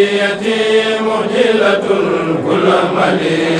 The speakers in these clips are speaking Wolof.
يتيم هلة كل مليم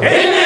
Amen.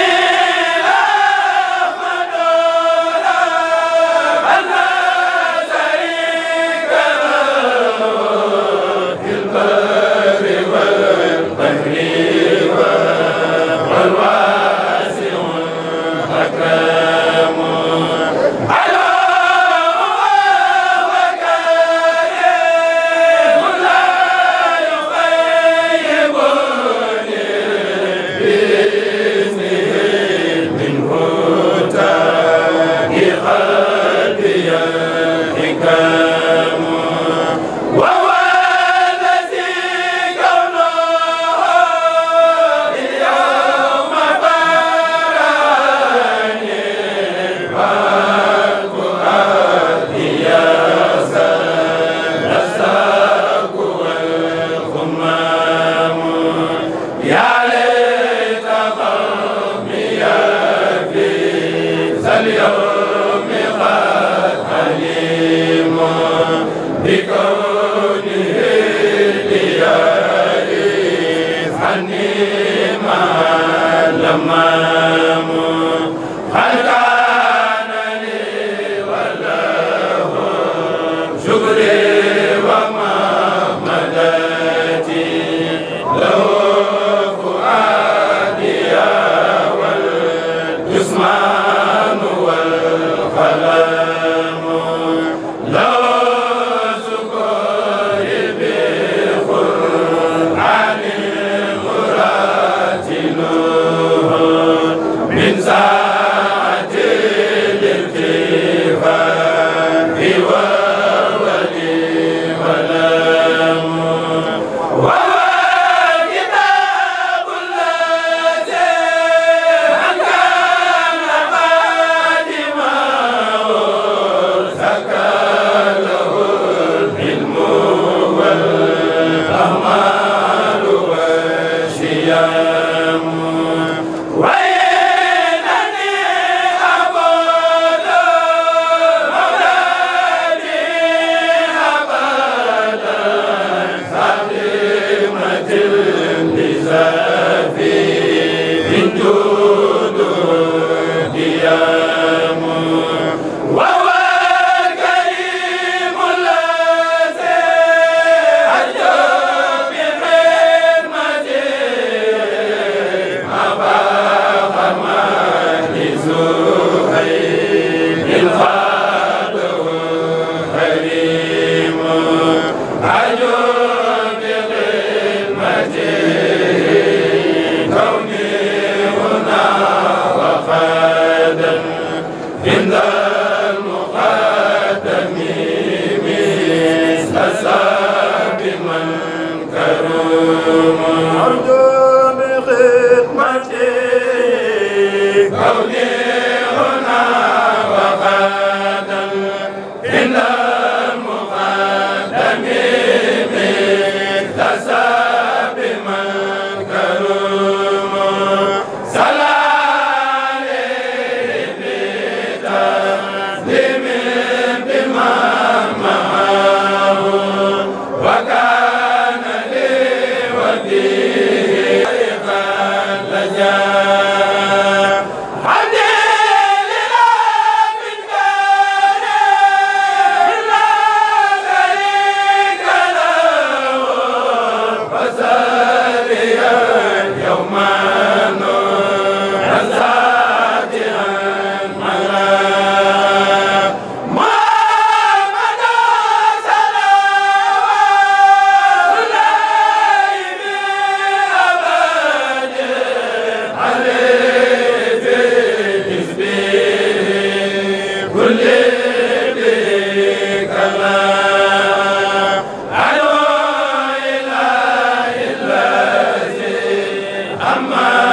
Muhammad